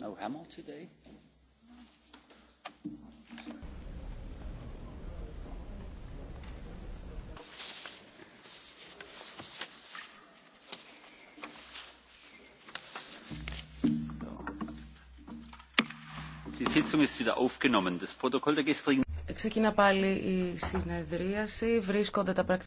No Hamill today? Ξεκινά πάλι η συνεδρίαση. Βρίσκονται τα πρακτικά.